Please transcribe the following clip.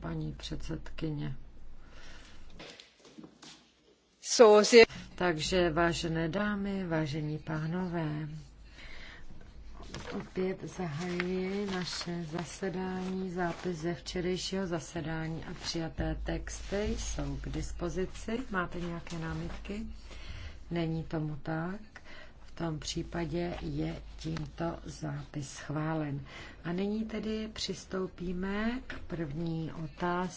Paní předsedkyně. Takže vážené dámy, vážení pánové, opět zahajuji naše zasedání, zápis ze včerejšího zasedání a přijaté texty jsou k dispozici. Máte nějaké námitky? Není tomu tak. V tom případě je tímto zápis schválen. A nyní tedy přistoupíme k první otázce.